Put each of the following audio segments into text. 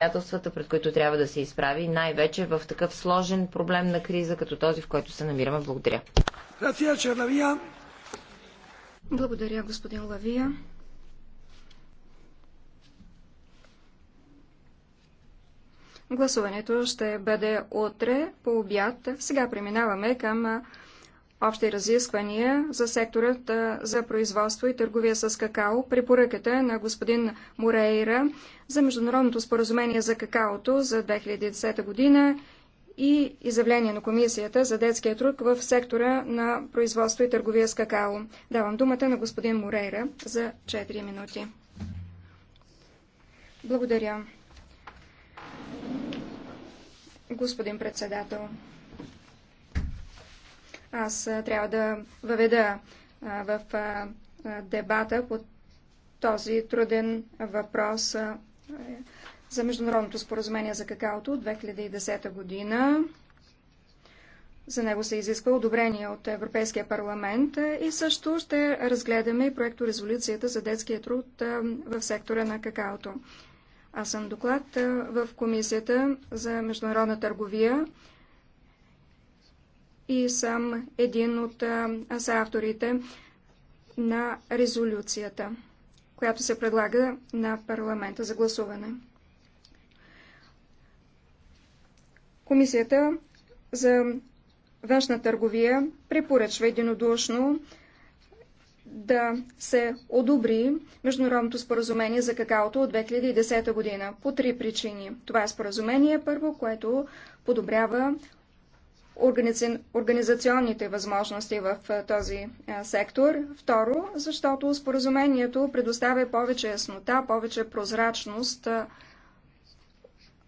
обстоятелствата, пред които трябва да се изправи, най-вече в такъв сложен проблем на криза, като този, в който се намираме. Благодаря. Благодаря, господин Лавия. Гласуването ще бъде утре по обяд. Сега преминаваме към общи разисквания за секторът за производство и търговия с какао, препоръката е на господин Морейра за Международното споразумение за какаото за 2010 година и изявление на Комисията за детския труд в сектора на производство и търговия с какао. Давам думата на господин Морейра за 4 минути. Благодаря. Господин председател, аз трябва да въведа в дебата по този труден въпрос за Международното споразумение за какаото от 2010 година. За него се изисква одобрение от Европейския парламент и също ще разгледаме и резолюцията за детския труд в сектора на какаото. Аз съм доклад в Комисията за международна търговия и съм един от авторите на резолюцията, която се предлага на парламента за гласуване. Комисията за външна търговия препоръчва единодушно да се одобри Международното споразумение за какаото от 2010 година по три причини. Това е споразумение, първо, което подобрява организационните възможности в този сектор. Второ, защото споразумението предоставя повече яснота, повече прозрачност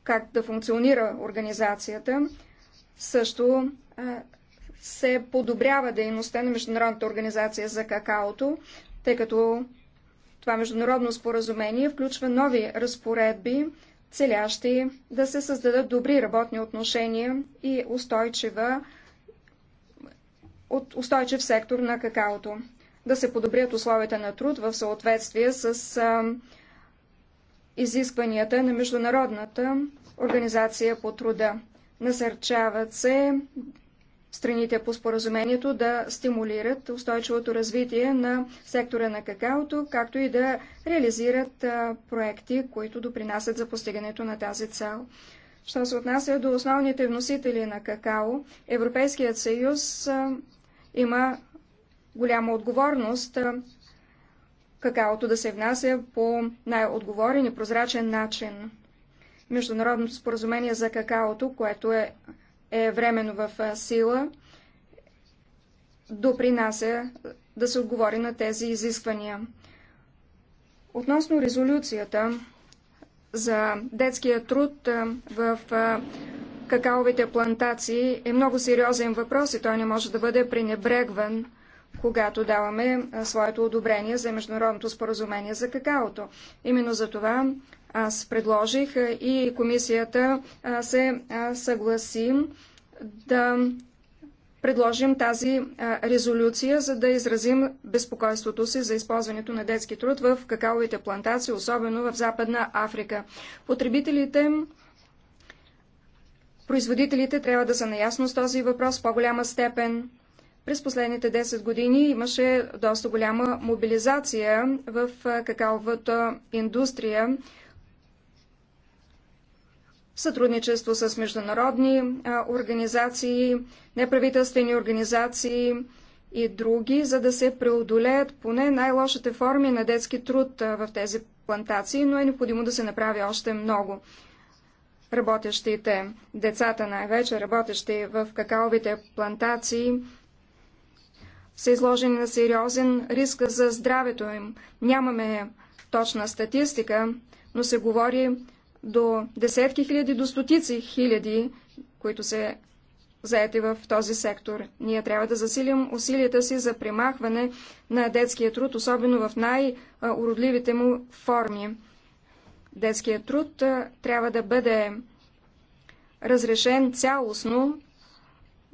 как да функционира организацията. Също се подобрява дейността на Международната организация за какаото, тъй като това международно споразумение включва нови разпоредби, целящи да се създадат добри работни отношения и устойчива от устойчив сектор на какаото. Да се подобрят условията на труд в съответствие с а, изискванията на Международната организация по труда. Насърчават се страните по споразумението да стимулират устойчивото развитие на сектора на какаото, както и да реализират проекти, които допринасят за постигането на тази цел. Що се отнася до основните вносители на какао, Европейският съюз има голяма отговорност какаото да се внася по най-отговорен и прозрачен начин. Международното споразумение за какаото, което е е временно в сила, допринася да се отговори на тези изисквания. Относно резолюцията за детския труд в какаовите плантации е много сериозен въпрос и той не може да бъде пренебрегван когато даваме своето одобрение за Международното споразумение за какаото. Именно за това аз предложих и комисията се съгласи да предложим тази резолюция, за да изразим безпокойството си за използването на детски труд в какаовите плантации, особено в Западна Африка. Потребителите Производителите трябва да са наясно с този въпрос в по-голяма степен. През последните 10 години имаше доста голяма мобилизация в какаовата индустрия, сътрудничество с международни организации, неправителствени организации и други, за да се преодолеят поне най-лошите форми на детски труд в тези плантации, но е необходимо да се направи още много. Работещите, децата най-вече, работещи в какаовите плантации, са изложени на сериозен риск за здравето им. Нямаме точна статистика, но се говори до десетки хиляди, до стотици хиляди, които се заети в този сектор. Ние трябва да засилим усилията си за примахване на детския труд, особено в най-уродливите му форми. Детският труд трябва да бъде разрешен цялостно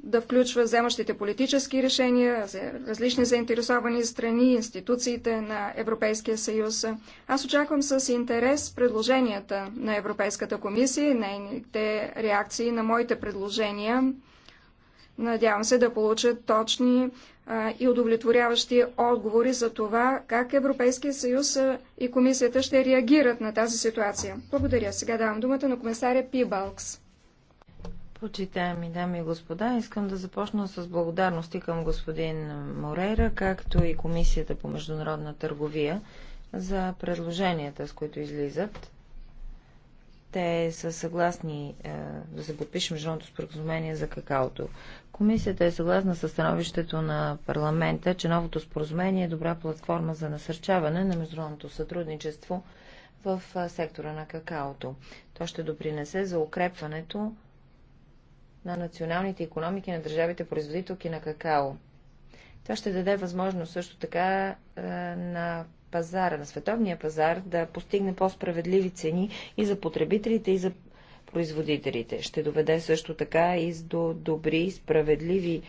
да включва вземащите политически решения, за различни заинтересовани страни, институциите на Европейския съюз. Аз очаквам с интерес предложенията на Европейската комисия и нейните реакции на моите предложения. Надявам се да получат точни и удовлетворяващи отговори за това как Европейския съюз и комисията ще реагират на тази ситуация. Благодаря. Сега давам думата на комисаря Пибалкс. Почитаеми дами и господа, искам да започна с благодарности към господин Морейра, както и Комисията по международна търговия за предложенията, с които излизат. Те са съгласни е, да се подпишем международното споразумение за какаото. Комисията е съгласна с становището на парламента, че новото споразумение е добра платформа за насърчаване на международното сътрудничество в е, сектора на какаото. То ще допринесе за укрепването на националните економики на държавите производителки на какао. Това ще даде възможност също така е, на пазара, на световния пазар да постигне по-справедливи цени и за потребителите, и за производителите. Ще доведе също така и до добри, справедливи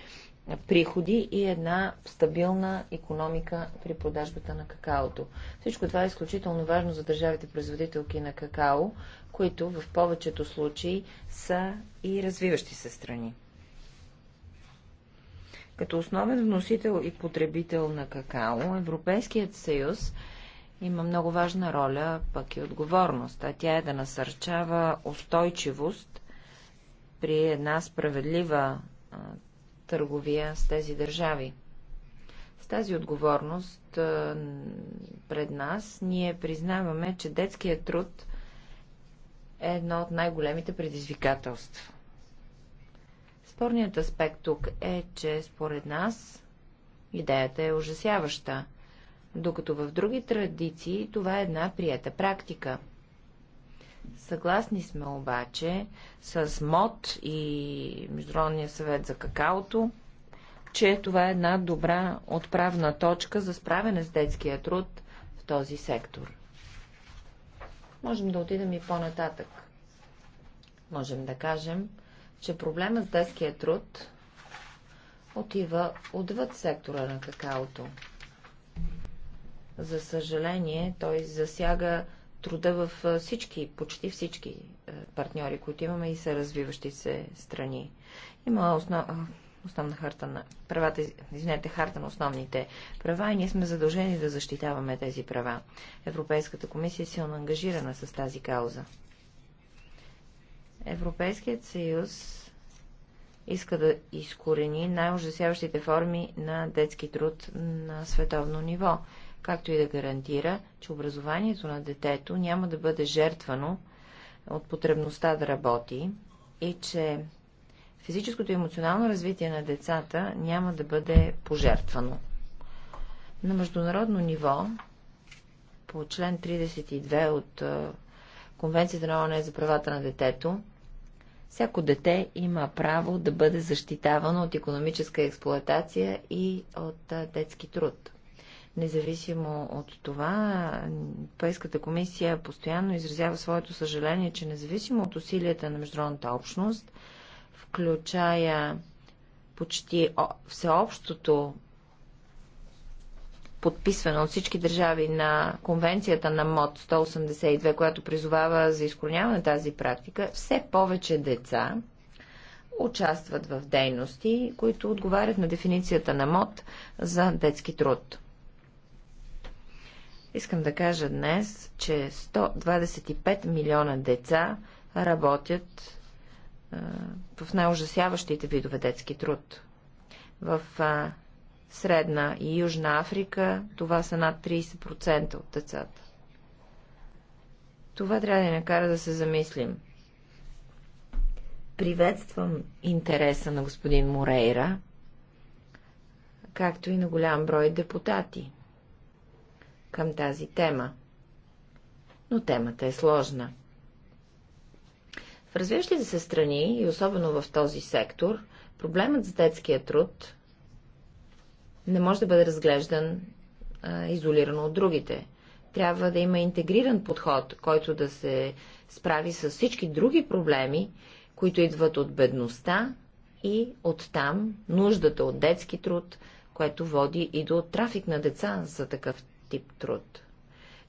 приходи и една стабилна економика при продажбата на какаото. Всичко това е изключително важно за държавите производителки на какао, които в повечето случаи са и развиващи се страни. Като основен вносител и потребител на какао, Европейският съюз има много важна роля, пък и отговорност, а тя е да насърчава устойчивост при една справедлива търговия с тези държави. С тази отговорност пред нас ние признаваме, че детският труд е едно от най-големите предизвикателства. Спорният аспект тук е, че според нас идеята е ужасяваща, докато в други традиции това е една прията практика – Съгласни сме обаче с МОД и Международния съвет за какаото, че това е една добра отправна точка за справяне с детския труд в този сектор. Можем да отидем и по-нататък. Можем да кажем, че проблема с детския труд отива отвъд сектора на какаото. За съжаление, той засяга труда в всички, почти всички партньори, които имаме и са развиващи се страни. Има основ... основна харта на правата, извинете, харта на основните права и ние сме задължени да защитаваме тези права. Европейската комисия е силно ангажирана с тази кауза. Европейският съюз иска да изкорени най-ужасяващите форми на детски труд на световно ниво както и да гарантира, че образованието на детето няма да бъде жертвано от потребността да работи и че физическото и емоционално развитие на децата няма да бъде пожертвано. На международно ниво, по член 32 от Конвенцията на ООН за правата на детето, всяко дете има право да бъде защитавано от економическа експлоатация и от детски труд. Независимо от това, Европейската комисия постоянно изразява своето съжаление, че независимо от усилията на международната общност, включая почти всеобщото подписване от всички държави на конвенцията на МОД 182, която призовава за изкореняване на тази практика, все повече деца участват в дейности, които отговарят на дефиницията на МОД за детски труд. Искам да кажа днес, че 125 милиона деца работят в най-ужасяващите видове детски труд. В Средна и Южна Африка това са над 30% от децата. Това трябва да ни накара да се замислим. Приветствам интереса на господин Морейра, както и на голям брой депутати – към тази тема. Но темата е сложна. В развиващите се страни, и особено в този сектор, проблемът с детския труд не може да бъде разглеждан а, изолирано от другите. Трябва да има интегриран подход, който да се справи с всички други проблеми, които идват от бедността и от там нуждата от детски труд, което води и до трафик на деца за такъв тип труд.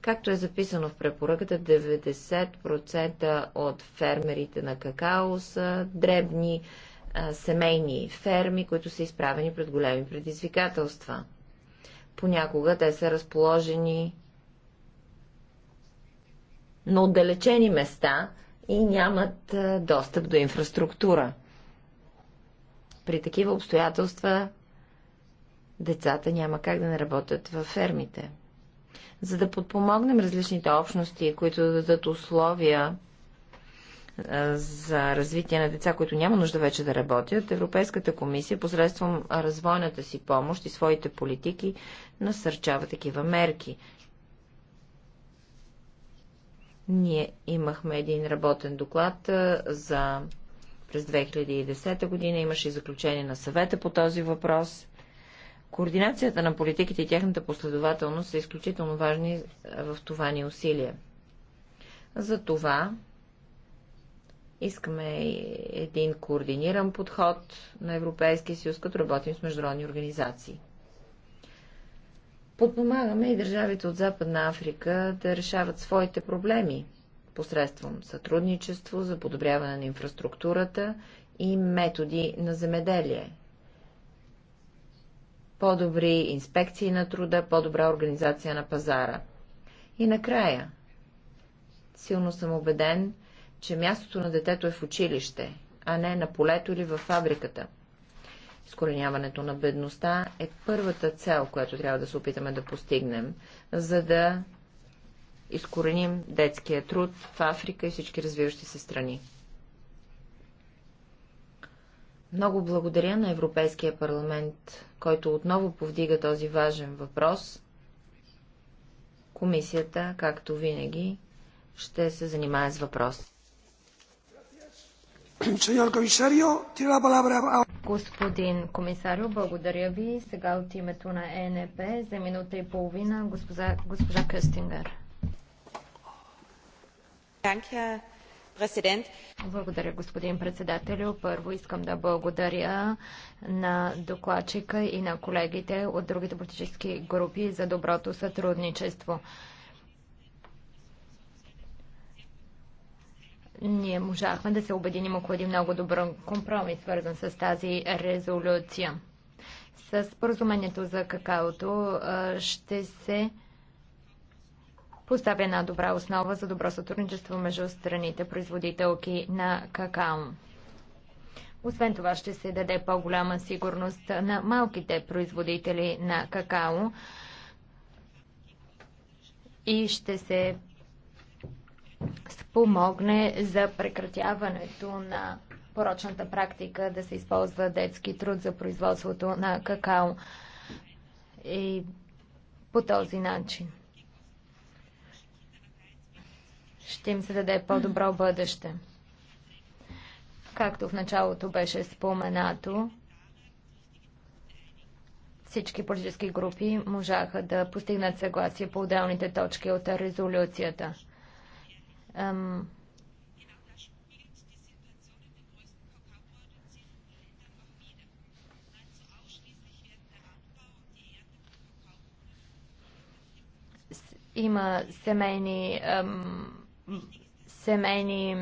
Както е записано в препоръката, 90% от фермерите на какао са дребни а, семейни ферми, които са изправени пред големи предизвикателства. Понякога те са разположени на отдалечени места и нямат а, достъп до инфраструктура. При такива обстоятелства децата няма как да не работят във фермите. За да подпомогнем различните общности, които да дадат условия за развитие на деца, които няма нужда вече да работят, Европейската комисия посредством развойната си помощ и своите политики насърчава такива мерки. Ние имахме един работен доклад за през 2010 година, имаше и заключение на съвета по този въпрос. Координацията на политиките и тяхната последователност са изключително важни е, в това ни усилие. За това искаме един координиран подход на Европейския съюз, като работим с международни организации. Подпомагаме и държавите от Западна Африка да решават своите проблеми посредством сътрудничество за подобряване на инфраструктурата и методи на земеделие, по-добри инспекции на труда, по-добра организация на пазара. И накрая, силно съм убеден, че мястото на детето е в училище, а не на полето или в фабриката. Изкореняването на бедността е първата цел, която трябва да се опитаме да постигнем, за да изкореним детския труд в Африка и всички развиващи се страни. Много благодаря на Европейския парламент който отново повдига този важен въпрос, комисията, както винаги, ще се занимае с въпрос. Господин комисарио, благодаря ви. Сега от името на ЕНП за минута и половина госпожа, госпожа Къстингър. Благодаря. Благодаря, господин председателю. Първо искам да благодаря на докладчика и на колегите от другите политически групи за доброто сътрудничество. Ние можахме да се обединим около един много добър компромис, свързан с тази резолюция. С поразумението за какаото ще се поставя една добра основа за добро сътрудничество между страните производителки на какао. Освен това ще се даде по-голяма сигурност на малките производители на какао и ще се спомогне за прекратяването на порочната практика да се използва детски труд за производството на какао и по този начин ще им се даде по-добро бъдеще. Както в началото беше споменато, всички политически групи можаха да постигнат съгласие по отделните точки от резолюцията. Има семейни семейни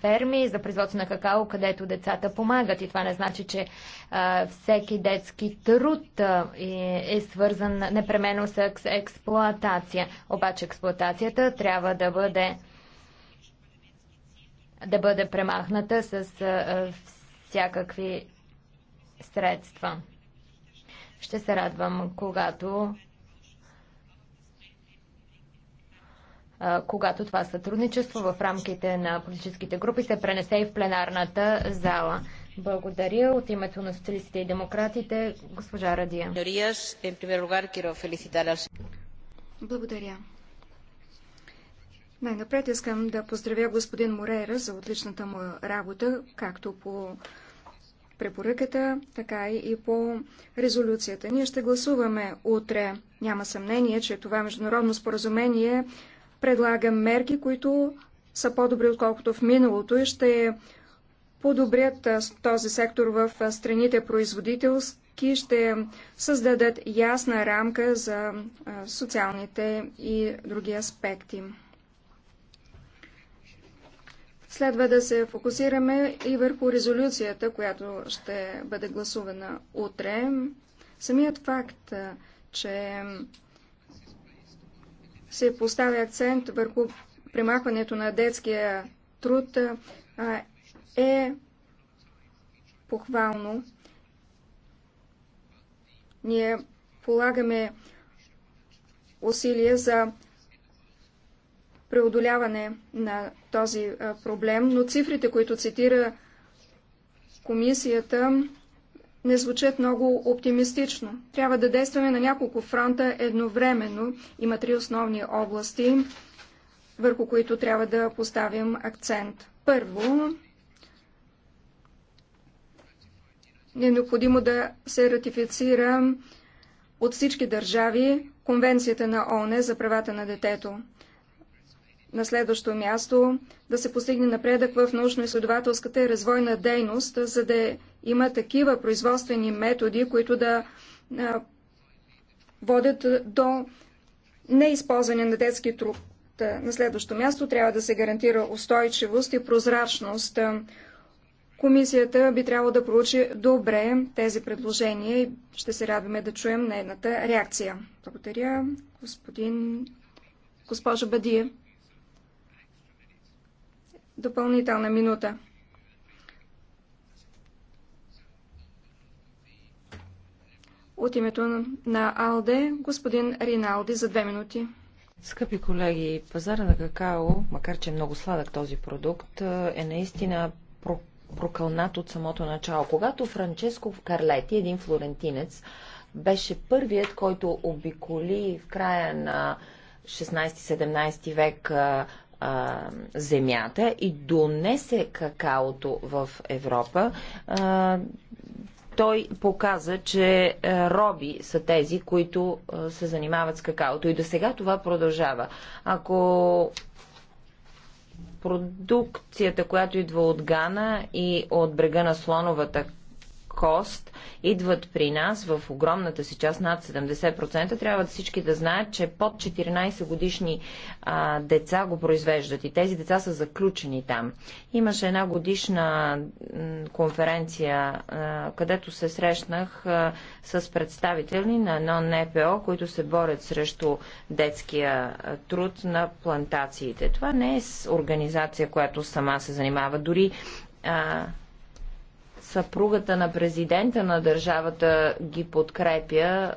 ферми за производство на какао, където децата помагат. И това не значи, че а, всеки детски труд а, е, е свързан непременно с експлоатация. Обаче експлоатацията трябва да бъде да бъде премахната с а, всякакви средства. Ще се радвам, когато когато това сътрудничество в рамките на политическите групи се пренесе и в пленарната зала. Благодаря от името на социалистите и демократите, госпожа Радия. Благодаря. Най-напред искам да поздравя господин Морейра за отличната му работа, както по препоръката, така и по резолюцията. Ние ще гласуваме утре. Няма съмнение, че това международно споразумение предлагам мерки, които са по-добри отколкото в миналото и ще подобрят този сектор в страните производителски, ще създадат ясна рамка за социалните и други аспекти. Следва да се фокусираме и върху резолюцията, която ще бъде гласувана утре. Самият факт, че се поставя акцент върху примахването на детския труд, е похвално. Ние полагаме усилия за преодоляване на този проблем, но цифрите, които цитира комисията, не звучат много оптимистично. Трябва да действаме на няколко фронта едновременно. Има три основни области, върху които трябва да поставим акцент. Първо, е необходимо да се ратифицира от всички държави Конвенцията на ООН за правата на детето. На следващо място да се постигне напредък в научно-изследователската и развойна дейност, за да има такива производствени методи, които да а, водят до неизползване на детски труд. На следващо място трябва да се гарантира устойчивост и прозрачност. Комисията би трябвало да проучи добре тези предложения и ще се радваме да чуем нейната реакция. Благодаря, господин госпожа Бадия допълнителна минута. От името на АЛДЕ, господин Риналди, за две минути. Скъпи колеги, пазара на какао, макар че е много сладък този продукт, е наистина прокълнат от самото начало. Когато Франческо Карлети, един флорентинец, беше първият, който обиколи в края на 16-17 век а, земята и донесе какаото в Европа, а, той показа, че роби са тези, които се занимават с какаото. И до сега това продължава. Ако продукцията, която идва от Гана и от брега на слоновата кост идват при нас в огромната си част, над 70%. Трябва да всички да знаят, че под 14 годишни а, деца го произвеждат и тези деца са заключени там. Имаше една годишна конференция, а, където се срещнах а, с представители на едно НПО, които се борят срещу детския а, труд на плантациите. Това не е организация, която сама се занимава. Дори а, съпругата на президента на държавата ги подкрепя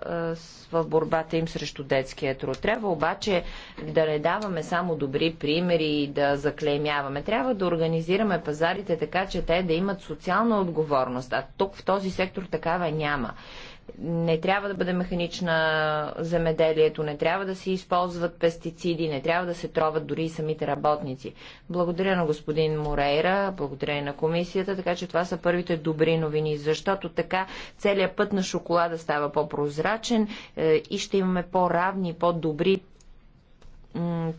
в борбата им срещу детския труд. Трябва обаче да не даваме само добри примери и да заклеймяваме. Трябва да организираме пазарите така, че те да имат социална отговорност, а тук в този сектор такава няма не трябва да бъде механична земеделието, не трябва да се използват пестициди, не трябва да се троват дори и самите работници. Благодаря на господин Морейра, благодаря и на комисията, така че това са първите добри новини, защото така целият път на шоколада става по-прозрачен е, и ще имаме по-равни, по-добри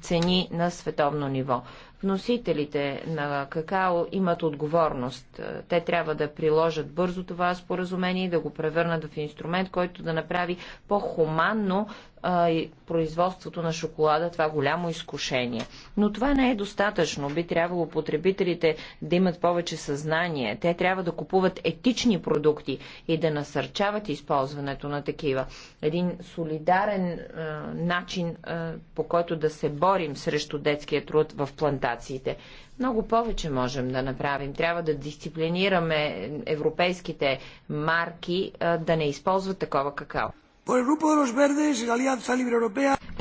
цени на световно ниво. Вносителите на какао имат отговорност. Е, те трябва да приложат бързо това споразумение и да го превърнат в инструмент, който да направи по-хуманно а, и производството на шоколада това голямо изкушение. Но това не е достатъчно. Би трябвало потребителите да имат повече съзнание. Те трябва да купуват етични продукти и да насърчават използването на такива. Един солидарен а, начин, а, по който да се борим срещу детския труд в плантациите. Много повече можем да направим. Трябва да дисциплинираме европейските марки а, да не използват такова какао.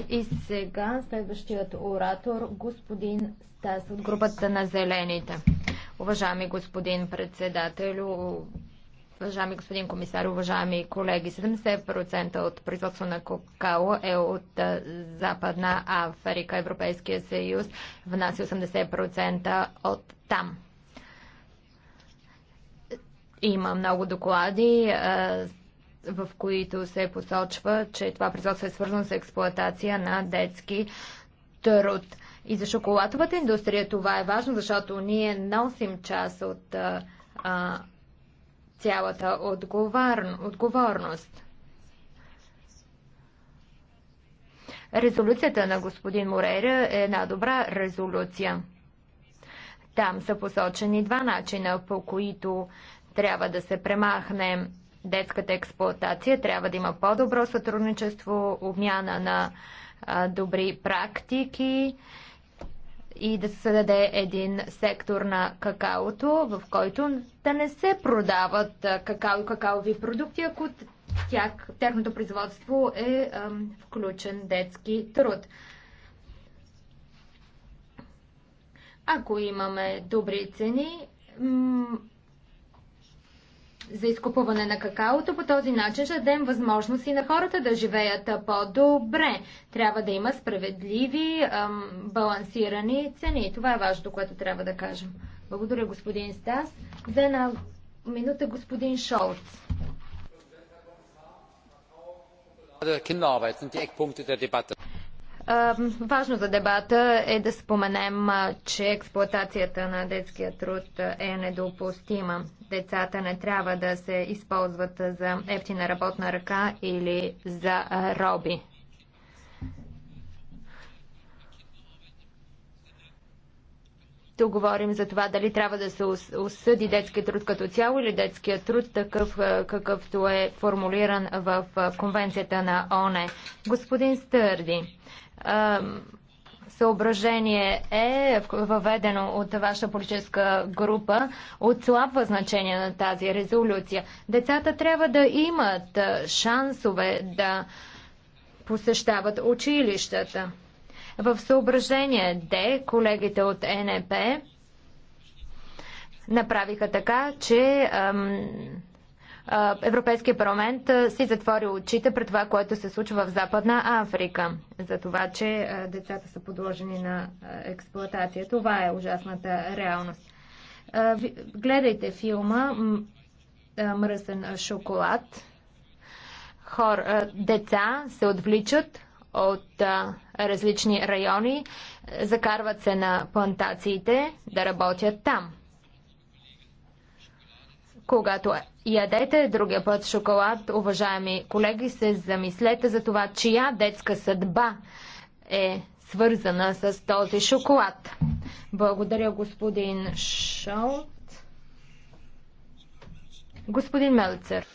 И сега следващият оратор, господин Стас от групата на Зелените. Уважаеми господин председател, уважаеми господин комисар, уважаеми колеги, 70% от производство на какао е от Западна Африка. Европейския съюз внася 80% от там. Има много доклади, в които се посочва, че това производство е свързано с експлоатация на детски труд. И за шоколадовата индустрия това е важно, защото ние носим част от а, цялата отговор... отговорност. Резолюцията на господин Морейра е една добра резолюция. Там са посочени два начина, по които трябва да се премахне детската експлоатация. Трябва да има по-добро сътрудничество, обмяна на добри практики и да се създаде един сектор на какаото, в който да не се продават какао и какаови продукти, ако тях, тяхното производство е ам, включен детски труд. Ако имаме добри цени, за изкупуване на какаото. По този начин ще дадем възможност и на хората да живеят по-добре. Трябва да има справедливи, балансирани цени. Това е важното, което трябва да кажем. Благодаря, господин Стас. За една минута, господин Шолц. Kinderarbeit sind die Eckpunkte der Debatte. Важно за дебата е да споменем, че експлуатацията на детския труд е недопустима. Децата не трябва да се използват за ефтина работна ръка или за роби. Тук говорим за това дали трябва да се осъди детския труд като цяло или детския труд такъв какъвто е формулиран в Конвенцията на ОНЕ. Господин Стърди, съображение е въведено от ваша политическа група, отслабва значение на тази резолюция. Децата трябва да имат шансове да посещават училищата. В съображение Д колегите от НП направиха така, че ам, Европейския парламент си затвори очите пред това, което се случва в Западна Африка, за това, че децата са подложени на експлоатация. Това е ужасната реалност. Гледайте филма Мръсен шоколад. Хор, деца се отвличат от различни райони, закарват се на плантациите да работят там. Когато Ядете другия път шоколад, уважаеми колеги, се замислете за това, чия детска съдба е свързана с този шоколад. Благодаря, господин Шолт. Господин Мелцер.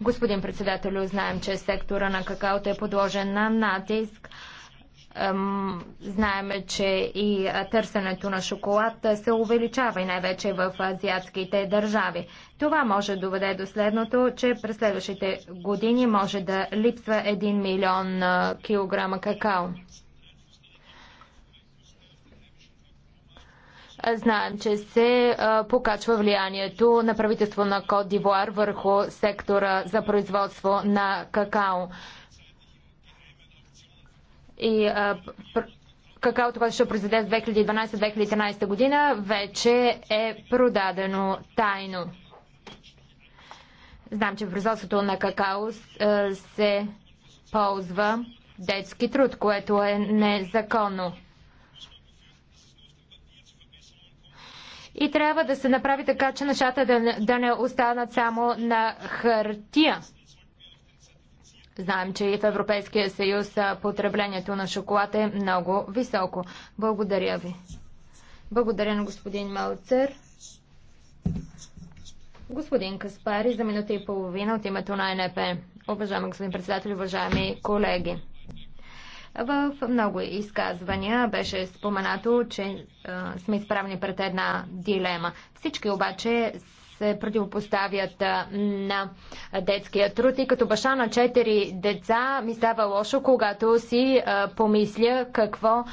Господин председател, знаем, че сектора на какаото е подложен на натиск Знаеме, че и търсенето на шоколад се увеличава и най-вече в азиатските държави. Това може да доведе до следното, че през следващите години може да липсва 1 милион килограма какао. Знаем, че се покачва влиянието на правителство на Кот Дивуар върху сектора за производство на какао и какаото, което ще произведе в 2012-2013 година, вече е продадено тайно. Знам, че в производството на какао се ползва детски труд, което е незаконно. И трябва да се направи така, че нещата да не останат само на хартия. Знаем, че и в Европейския съюз потреблението на шоколад е много високо. Благодаря ви. Благодаря на господин Малцер. Господин Каспари за минута и половина от името на НП. Уважаеми господин председател, уважаеми колеги. В много изказвания беше споменато, че а, сме изправени пред една дилема. Всички обаче се противопоставят на детския труд. И като баща на четири деца ми става лошо, когато си помисля какво,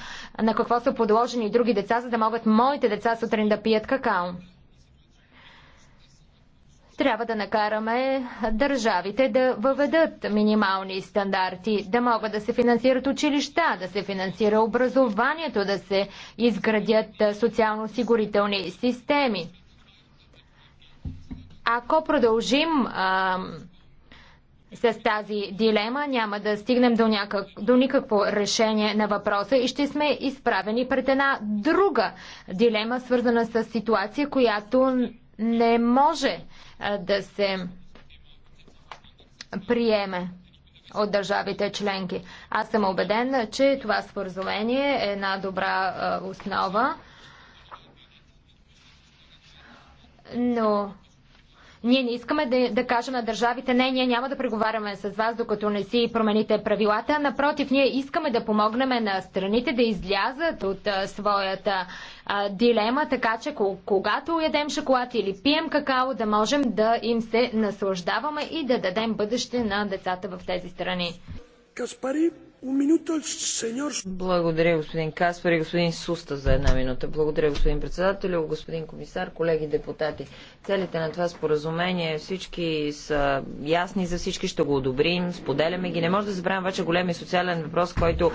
на какво са подложени други деца, за да могат моите деца сутрин да пият какао трябва да накараме държавите да въведат минимални стандарти, да могат да се финансират училища, да се финансира образованието, да се изградят социално-осигурителни системи. Ако продължим а, с тази дилема, няма да стигнем до, някак, до никакво решение на въпроса и ще сме изправени пред една друга дилема, свързана с ситуация, която не може а, да се приеме от държавите членки. Аз съм убеден, че това споразумение е една добра а, основа, но ние не искаме да, да кажем на държавите, не, ние няма да преговаряме с вас, докато не си промените правилата. Напротив, ние искаме да помогнем на страните да излязат от а, своята а, дилема, така че когато ядем шоколад или пием какао, да можем да им се наслаждаваме и да дадем бъдеще на децата в тези страни. Каспари, благодаря, господин Каспар и господин Суста за една минута. Благодаря, господин председател, господин комисар, колеги депутати. Целите на това споразумение всички са ясни за всички, ще го одобрим, споделяме ги. Не може да забравим обаче големи социален въпрос, който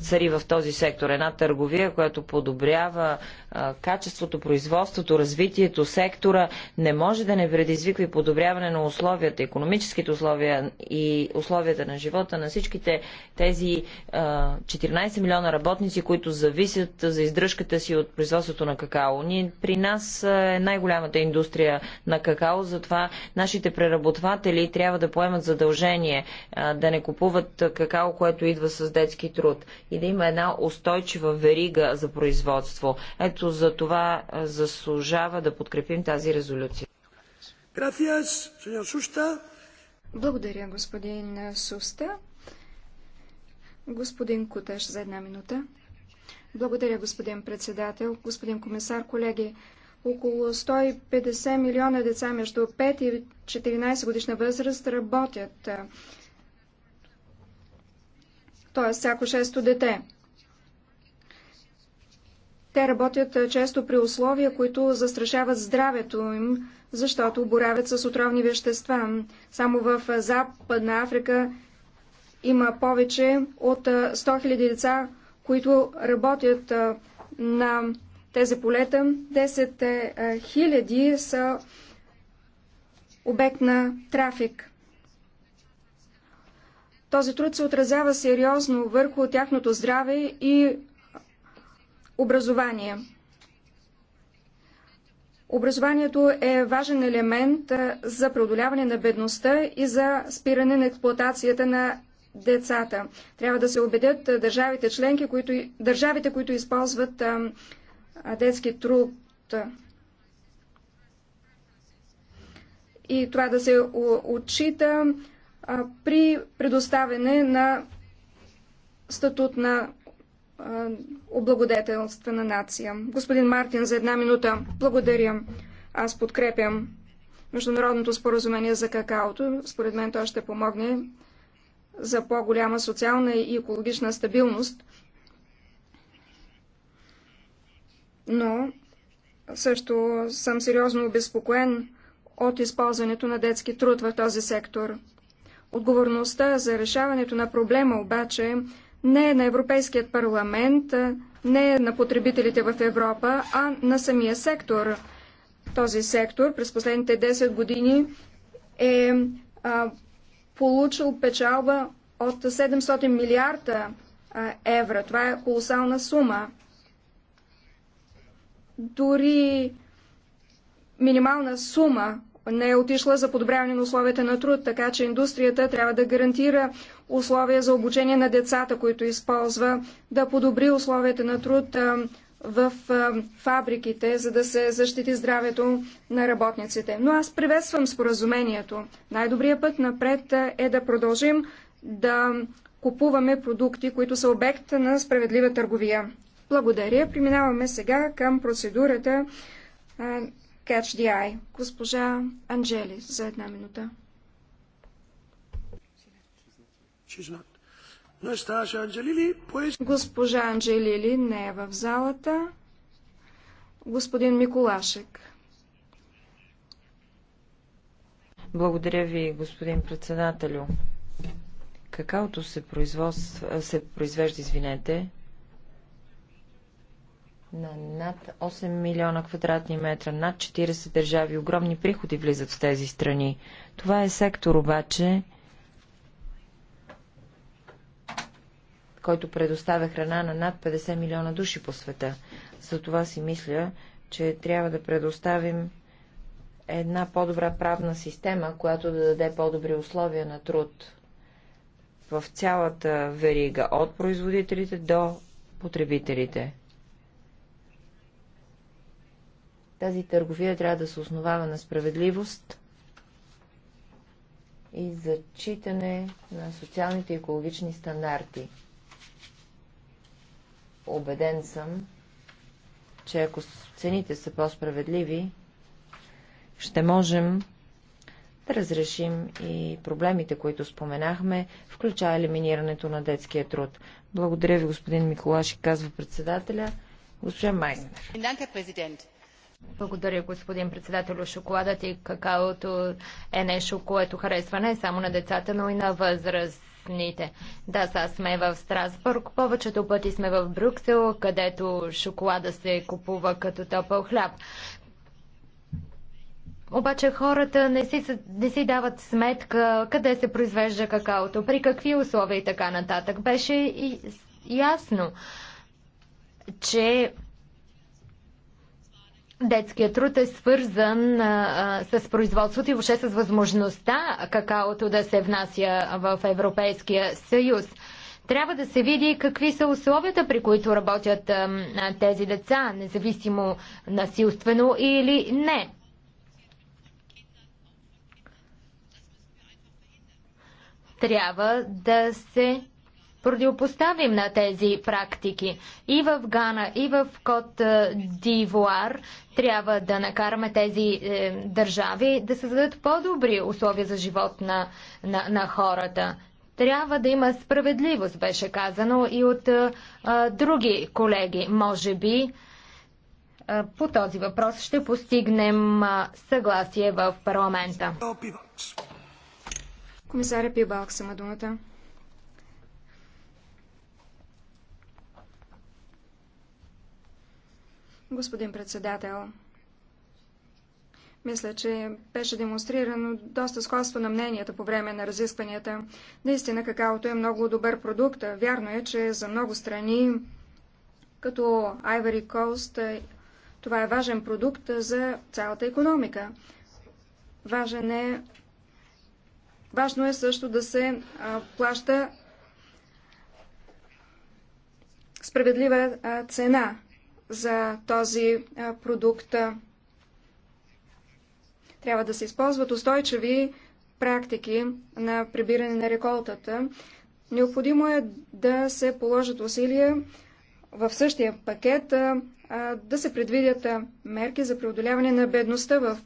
цари в този сектор. Една търговия, която подобрява а, качеството, производството, развитието, сектора, не може да не предизвиква и подобряване на условията, економическите условия и условията на живота на всичките тези тези 14 милиона работници, които зависят за издръжката си от производството на какао. Ние, при нас е най-голямата индустрия на какао, затова нашите преработватели трябва да поемат задължение да не купуват какао, което идва с детски труд и да има една устойчива верига за производство. Ето за това заслужава да подкрепим тази резолюция. Благодаря, господин Суста. Господин Кутеш за една минута. Благодаря, господин председател, господин комисар, колеги. Около 150 милиона деца между 5 и 14 годишна възраст работят. Тоест, всяко шесто дете. Те работят често при условия, които застрашават здравето им, защото боравят с отровни вещества. Само в Западна Африка има повече от 100 000 деца, които работят на тези полета. 10 000 е, са обект на трафик. Този труд се отразява сериозно върху тяхното здраве и образование. Образованието е важен елемент за преодоляване на бедността и за спиране на експлоатацията на децата. Трябва да се убедят държавите членки, които, държавите, които използват а, детски труд. И това да се отчита а, при предоставяне на статут на облагодетелства на нация. Господин Мартин, за една минута. Благодаря. Аз подкрепям Международното споразумение за какаото. Според мен то ще помогне за по-голяма социална и екологична стабилност, но също съм сериозно обезпокоен от използването на детски труд в този сектор. Отговорността за решаването на проблема обаче не е на Европейският парламент, не е на потребителите в Европа, а на самия сектор. Този сектор през последните 10 години е а, получил печалба от 700 милиарда евро. Това е колосална сума. Дори минимална сума не е отишла за подобряване на условията на труд, така че индустрията трябва да гарантира условия за обучение на децата, които използва, да подобри условията на труд в фабриките, за да се защити здравето на работниците. Но аз приветствам споразумението. Най-добрият път напред е да продължим да купуваме продукти, които са обект на справедлива търговия. Благодаря. Преминаваме сега към процедурата Catch the Eye. Госпожа Анджели за една минута. She's not. Госпожа Анджелили не е в залата. Господин Миколашек. Благодаря ви, господин председателю. Какаото се, произвоз... се произвежда, извинете, на над 8 милиона квадратни метра, над 40 държави. Огромни приходи влизат в тези страни. Това е сектор обаче, който предоставя храна на над 50 милиона души по света. Затова си мисля, че трябва да предоставим една по-добра правна система, която да даде по-добри условия на труд в цялата верига, от производителите до потребителите. Тази търговия трябва да се основава на справедливост и зачитане на социалните и екологични стандарти. Обеден съм, че ако цените са по-справедливи, ще можем да разрешим и проблемите, които споменахме, включая елиминирането на детския труд. Благодаря ви, господин Миколаши, казва председателя. Госпожа Майснер. Благодаря, господин председател, Шоколадът и какаото е нещо, което харесва не само на децата, но и на възраст дясните. Да, сега сме в Страсбург, повечето пъти сме в Брюксел, където шоколада се купува като топъл хляб. Обаче хората не си, не си дават сметка къде се произвежда какаото, при какви условия и така нататък. Беше и ясно, че Детският труд е свързан а, с производството и въобще с възможността какаото да се внася в Европейския съюз. Трябва да се види какви са условията, при които работят а, тези деца, независимо насилствено или не. Трябва да се противопоставим на тези практики. И в Гана, и в Кот е, Дивуар трябва да накараме тези е, държави да създадат по-добри условия за живот на, на, на хората. Трябва да има справедливост, беше казано и от е, е, други колеги. Може би е, по този въпрос ще постигнем е, съгласие в парламента. Комисаря Пибалк, сама думата. Господин председател, мисля, че беше демонстрирано доста сходство на мненията по време на разискванията. Наистина какаото е много добър продукт. Вярно е, че за много страни, като Ivory Coast, това е важен продукт за цялата економика. Важен е... Важно е също да се а, плаща справедлива а, цена за този продукт. Трябва да се използват устойчиви практики на прибиране на реколтата. Необходимо е да се положат усилия в същия пакет да се предвидят мерки за преодоляване на бедността в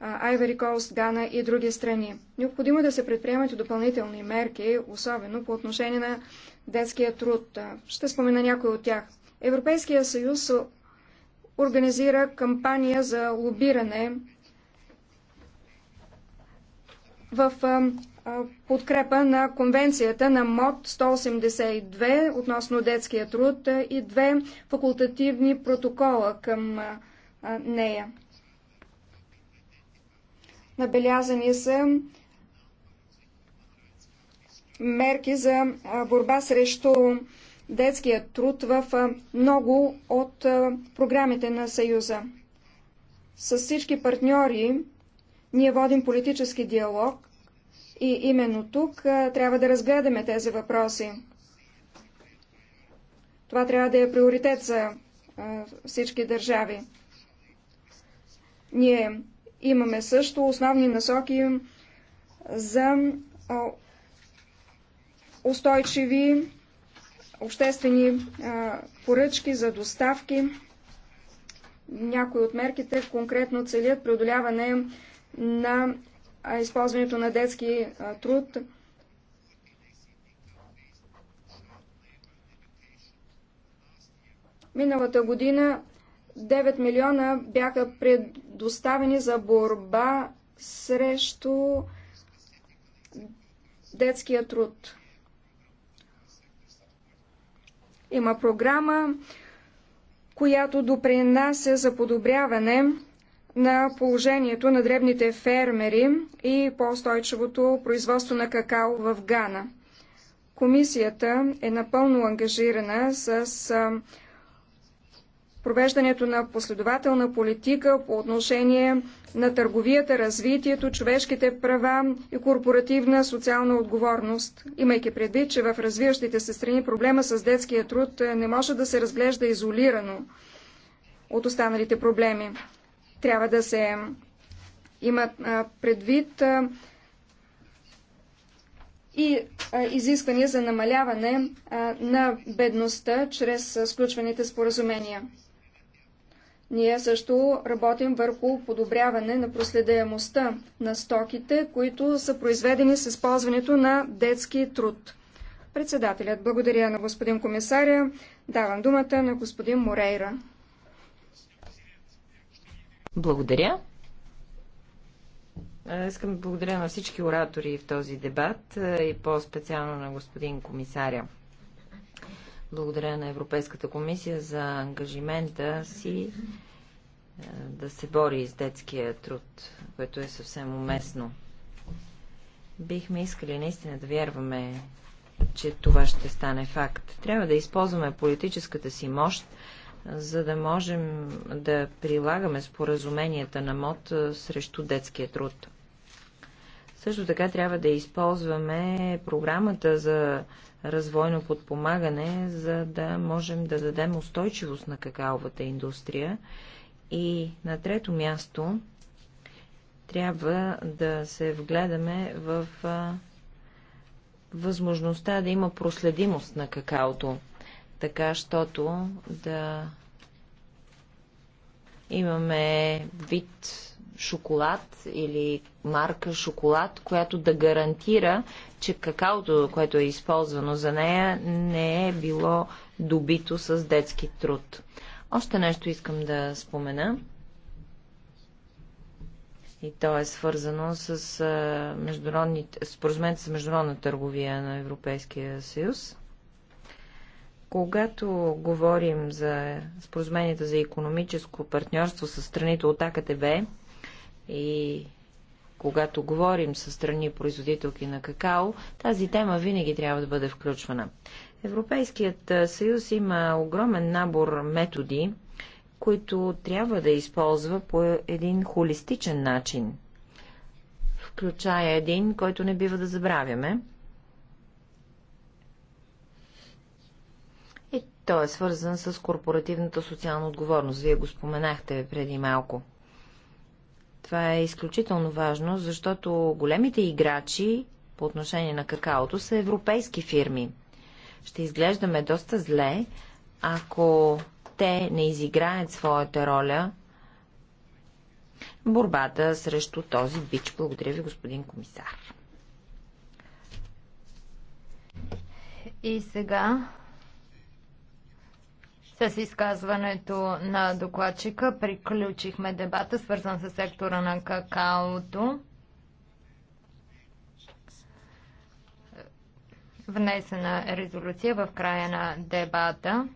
Айвери Coast, Гана и други страни. Необходимо е да се предприемат и допълнителни мерки, особено по отношение на детския труд. Ще спомена някои от тях. Европейския съюз организира кампания за лобиране в подкрепа на конвенцията на МОД 182 относно детския труд и две факултативни протокола към нея. Набелязани са мерки за борба срещу детския труд в много от програмите на Съюза. С всички партньори ние водим политически диалог и именно тук трябва да разгледаме тези въпроси. Това трябва да е приоритет за всички държави. Ние имаме също основни насоки за устойчиви обществени поръчки за доставки. Някои от мерките конкретно целят преодоляване на използването на детски труд. Миналата година 9 милиона бяха предоставени за борба срещу детския труд. Има програма, която допринася за подобряване на положението на дребните фермери и по стойчивото производство на какао в Гана. Комисията е напълно ангажирана с провеждането на последователна политика по отношение на търговията, развитието, човешките права и корпоративна социална отговорност. Имайки предвид, че в развиващите се страни проблема с детския труд не може да се разглежда изолирано от останалите проблеми. Трябва да се имат предвид и изисквания за намаляване на бедността чрез сключваните споразумения. Ние също работим върху подобряване на проследяемостта на стоките, които са произведени с използването на детски труд. Председателят, благодаря на господин комисаря. Давам думата на господин Морейра. Благодаря. Искам да благодаря на всички оратори в този дебат и по-специално на господин комисаря. Благодаря на Европейската комисия за ангажимента си е, да се бори с детския труд, което е съвсем уместно. Бихме искали наистина да вярваме, че това ще стане факт. Трябва да използваме политическата си мощ, за да можем да прилагаме споразуменията на МОД е, срещу детския труд. Също така трябва да използваме програмата за развойно подпомагане, за да можем да дадем устойчивост на какаовата индустрия. И на трето място трябва да се вгледаме в възможността да има проследимост на какаото, така, щото да имаме вид шоколад или марка шоколад, която да гарантира, че какаото, което е използвано за нея, не е било добито с детски труд. Още нещо искам да спомена. И то е свързано с споразумението с международна търговия на Европейския съюз. Когато говорим за споразуменията за економическо партньорство с страните от АКТБ, и когато говорим с страни производителки на какао, тази тема винаги трябва да бъде включвана. Европейският съюз има огромен набор методи, които трябва да използва по един холистичен начин. Включая един, който не бива да забравяме. И той е свързан с корпоративната социална отговорност. Вие го споменахте преди малко. Това е изключително важно, защото големите играчи по отношение на какаото са европейски фирми. Ще изглеждаме доста зле, ако те не изиграят своята роля в борбата срещу този бич. Благодаря ви, господин комисар. И сега с изказването на докладчика приключихме дебата, свързан с сектора на какаото. Внесена резолюция в края на дебата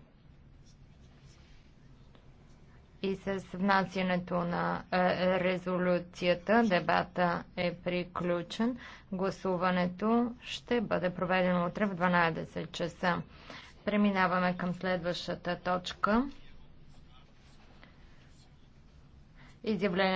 и с внасянето на е, резолюцията дебата е приключен. Гласуването ще бъде проведено утре в 12 часа. Преминаваме към следващата точка. Изявление